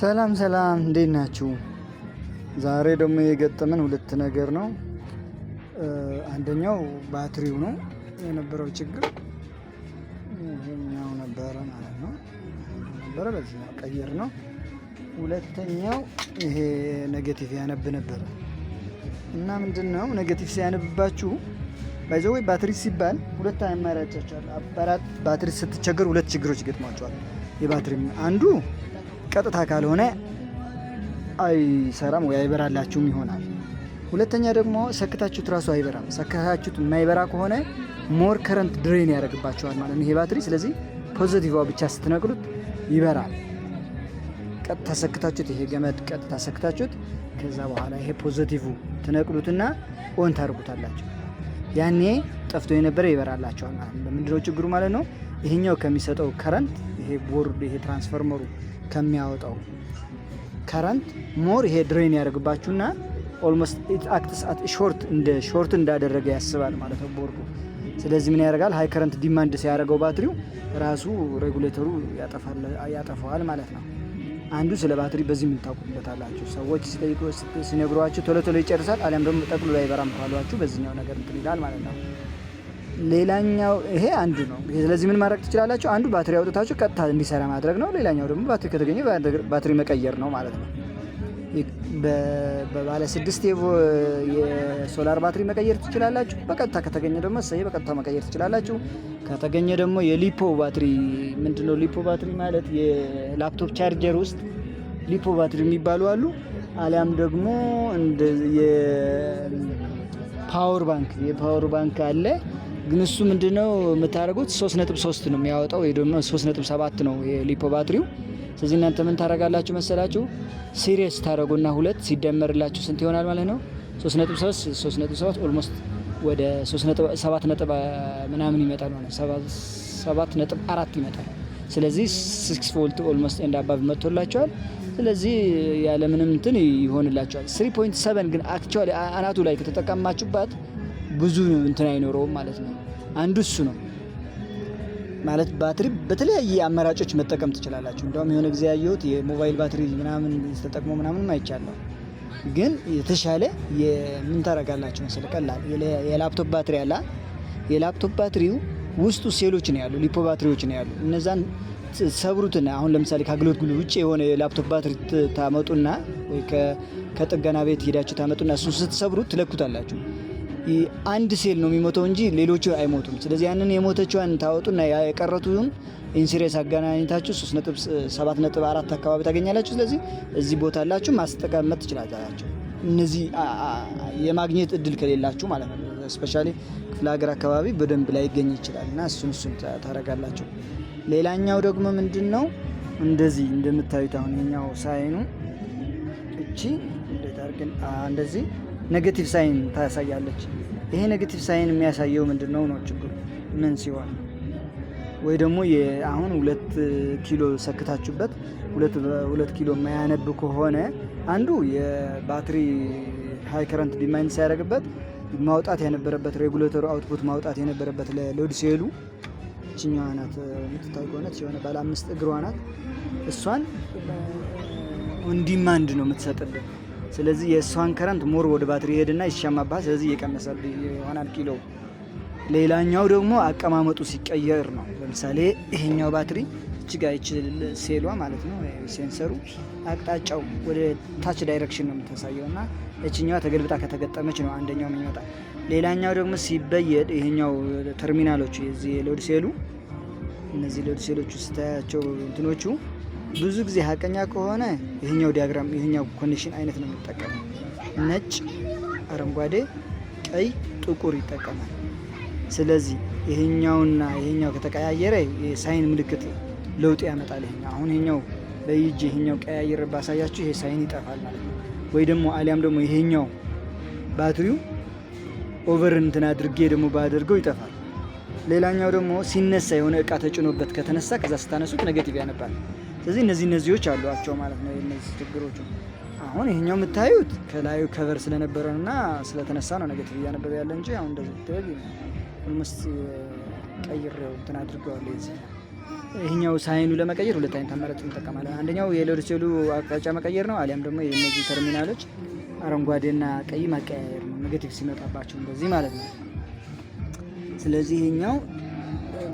ሰላም ሰላም፣ እንዴት ናችሁ? ዛሬ ደግሞ የገጠመን ሁለት ነገር ነው። አንደኛው ባትሪው ነው የነበረው ችግር ይሄኛው ነበረ ማለት ነው ነበረ። በዚህ ቀየር ነው። ሁለተኛው ይሄ ኔጌቲቭ ያነብ ነበረ እና ምንድን ነው ኔጌቲቭ ሲያነብባችሁ ባይዘ ወይ ባትሪ ሲባል ሁለት አማራጮች አሉ። ባትሪ ስትቸገር ሁለት ችግሮች ይገጥሟቸዋል። የባትሪ አንዱ ቀጥታ ካልሆነ አይሰራም ወይ አይበራላችሁም ይሆናል። ሁለተኛ ደግሞ ሰክታችሁት ራሱ አይበራም። ሰክታችሁት የማይበራ ከሆነ ሞር ከረንት ድሬን ያደርግባቸዋል ማለት ነው ይሄ ባትሪ። ስለዚህ ፖዘቲቭ ብቻ ስትነቅሉት ይበራል። ቀጥታ ሰክታችሁት ይሄ ገመድ ቀጥታ ሰክታችሁት ከዛ በኋላ ይሄ ፖዘቲቭ ትነቅሉትና ኦን ታደርጉታላችሁ። ያኔ ጠፍቶ የነበረ ይበራላቸዋል ማለት ነው። ምንድነው ችግሩ ማለት ነው? ይሄኛው ከሚሰጠው ከረንት ይሄ ቦርድ ይሄ ትራንስፎርመሩ ከሚያወጣው ከረንት ሞር ይሄ ድሬን ያደርግባችሁና ኦልሞስት አክትስ አት ሾርት እንደ ሾርት እንዳደረገ ያስባል ማለት ነው ቦርዱ። ስለዚህ ምን ያደርጋል? ሀይ ከረንት ዲማንድ ሲያደርገው ባትሪው ራሱ ሬጉሌተሩ ያጠፋዋል ማለት ነው። አንዱ ስለ ባትሪ በዚህ የምታውቁበታላችሁ ሰዎች ሲጠይቁ ሲነግሯችሁ ቶሎ ቶሎ ይጨርሳል፣ አሊያም ደግሞ ጠቅሎ ላይ በራም ካሏችሁ በዚህኛው ነገር እንትን ይላል ማለት ነው። ሌላኛው ይሄ አንዱ ነው። ስለዚህ ምን ማድረግ ትችላላችሁ? አንዱ ባትሪ አውጥታችሁ ቀጥታ እንዲሰራ ማድረግ ነው። ሌላኛው ደግሞ ባትሪ ከተገኘ ባትሪ መቀየር ነው ማለት ነው። በባለ ስድስት የሶላር ባትሪ መቀየር ትችላላችሁ። በቀጥታ ከተገኘ ደግሞ ሰ በቀጥታ መቀየር ትችላላችሁ። ከተገኘ ደግሞ የሊፖ ባትሪ ምንድነው? ሊፖ ባትሪ ማለት የላፕቶፕ ቻርጀር ውስጥ ሊፖ ባትሪ የሚባሉ አሉ። አሊያም ደግሞ ፓወር ባንክ የፓወር ባንክ አለ ግን እሱ ምንድነው የምታደርጉት? 3.3 ነው የሚያወጣው ወይ ደግሞ 3.7 ነው የሊፖ ባትሪው። ስለዚህ እናንተ ምን ታደርጋላችሁ መሰላችሁ? ሲሪየስ ታደርጉና ሁለት ሲደመርላችሁ ስንት ይሆናል ማለት ነው? 3.3 3.7 ኦልሞስት ወደ 3.7 ነጥብ ምናምን ይመጣል ማለት 7 ነጥብ 4 ይመጣል። ስለዚህ 6 ቮልት ኦልሞስት ኤንድ አባብ መጥቶላቸዋል። ስለዚህ ያለምንም እንትን ይሆንላቸዋል። 3.7 ግን አክቹዋሊ አናቱ ላይ ከተጠቀማችሁባት ብዙ እንትን አይኖረውም ማለት ነው። አንዱ እሱ ነው ማለት ባትሪ በተለያየ አማራጮች መጠቀም ትችላላችሁ። እንደውም የሆነ ጊዜ ያየሁት የሞባይል ባትሪ ምናምን ተጠቅሞ ምናምንም አይቻለሁ። ግን የተሻለ የምን ታረጋላችሁ መሰለህ፣ ቀላል የላፕቶፕ ባትሪ አለ። የላፕቶፕ ባትሪው ውስጡ ሴሎች ነው ያሉ፣ ሊፖ ባትሪዎች ነው ያሉ። እነዛን ሰብሩትና አሁን ለምሳሌ ከአገልግሎት ውጭ የሆነ የላፕቶፕ ባትሪ ታመጡና ወይ ከጥገና ቤት ሄዳችሁ ታመጡና እሱ ስትሰብሩት ትለኩታላችሁ አንድ ሴል ነው የሚሞተው እንጂ ሌሎቹ አይሞቱም። ስለዚህ ያንን የሞተችዋን ታወጡና የቀረቱን ኢንሲሬስ አገናኝታችሁ 3.74 አካባቢ ታገኛላችሁ። ስለዚህ እዚህ ቦታ አላችሁ ማስጠቀመጥ ትችላላችሁ። እነዚህ የማግኘት እድል ከሌላችሁ ማለት ነው። ስፔሻሊ ክፍለ ሀገር አካባቢ በደንብ ላይ ይገኝ ይችላል እና እሱን እሱን ታረጋላችሁ። ሌላኛው ደግሞ ምንድን ነው እንደዚህ እንደምታዩት አሁን ኛው ሳይኑ እቺ እንደዚህ ኔጌቲቭ ሳይን ታሳያለች። ይሄ ኔጌቲቭ ሳይን የሚያሳየው ምንድን ነው ነው ችግሩ ምን ሲሆን ወይ ደግሞ አሁን ሁለት ኪሎ ሰክታችሁበት ሁለት ኪሎ የማያነብ ከሆነ አንዱ የባትሪ ሃይ ከረንት ዲማይንድ ሲያደርግበት ማውጣት የነበረበት ሬጉሌተሩ አውትፑት ማውጣት የነበረበት ለሎድ ሴሉ ችኛዋ ናት የምትታይ ከሆነ ሲሆነ ባለ አምስት እግሯ ናት። እሷን ኦንዲማንድ ነው የምትሰጥልን ስለዚህ የእሷን ከረንት ሞር ወደ ባትሪ ይሄድና ይሻማባል። ስለዚህ እየቀነሰል ይሆናል ኪሎ። ሌላኛው ደግሞ አቀማመጡ ሲቀየር ነው። ለምሳሌ ይሄኛው ባትሪ እጅጋ ይችል ሴሏ ማለት ነው ሴንሰሩ አቅጣጫው ወደ ታች ዳይሬክሽን ነው የምታሳየው እና እችኛዋ ተገልብጣ ከተገጠመች ነው አንደኛው የሚወጣ። ሌላኛው ደግሞ ሲበየድ ይሄኛው ተርሚናሎቹ የዚህ ሎድ ሴሉ እነዚህ ሎድ ሴሎቹ ስታያቸው እንትኖቹ ብዙ ጊዜ ሀቀኛ ከሆነ ይህኛው ዲያግራም ይህኛው ኮንዲሽን አይነት ነው የምጠቀመው። ነጭ፣ አረንጓዴ፣ ቀይ፣ ጥቁር ይጠቀማል። ስለዚህ ይህኛውና ይህኛው ከተቀያየረ የሳይን ምልክት ለውጥ ያመጣል። ይሄኛው አሁን ይሄኛው በይጅ ይሄኛው ቀያየር ባሳያችሁ ይሄ ሳይን ይጠፋል ማለት ነው። ወይ ደግሞ አሊያም ደግሞ ይሄኛው ባትሪው ኦቨር እንትን አድርጌ ደግሞ ባደርገው ይጠፋል። ሌላኛው ደግሞ ሲነሳ የሆነ እቃ ተጭኖበት ከተነሳ ከዛ ስታነሱት ኔጌቲቭ ያነባል። ስለዚህ እነዚህ እነዚዎች አሏቸው ማለት ነው። እነዚህ ችግሮቹ አሁን ይሄኛው የምታዩት ከላዩ ከቨር ስለነበረን እና ስለተነሳ ነው ነገቲቭ እያነበበ ያለ እንጂ አሁን እንደዚህ ትል ኦልሞስት ቀይሬው እንትን አድርገዋል። የዚህ ይህኛው ሳይኑ ለመቀየር ሁለት አይነት አማራጭ እንጠቀማለን። አንደኛው የሎድ ሴሉ አቅጣጫ መቀየር ነው። አሊያም ደግሞ የእነዚህ ተርሚናሎች አረንጓዴና ቀይ ማቀያየር ነው፣ ነገቲቭ ሲመጣባቸው እንደዚህ ማለት ነው። ስለዚህ ይሄኛው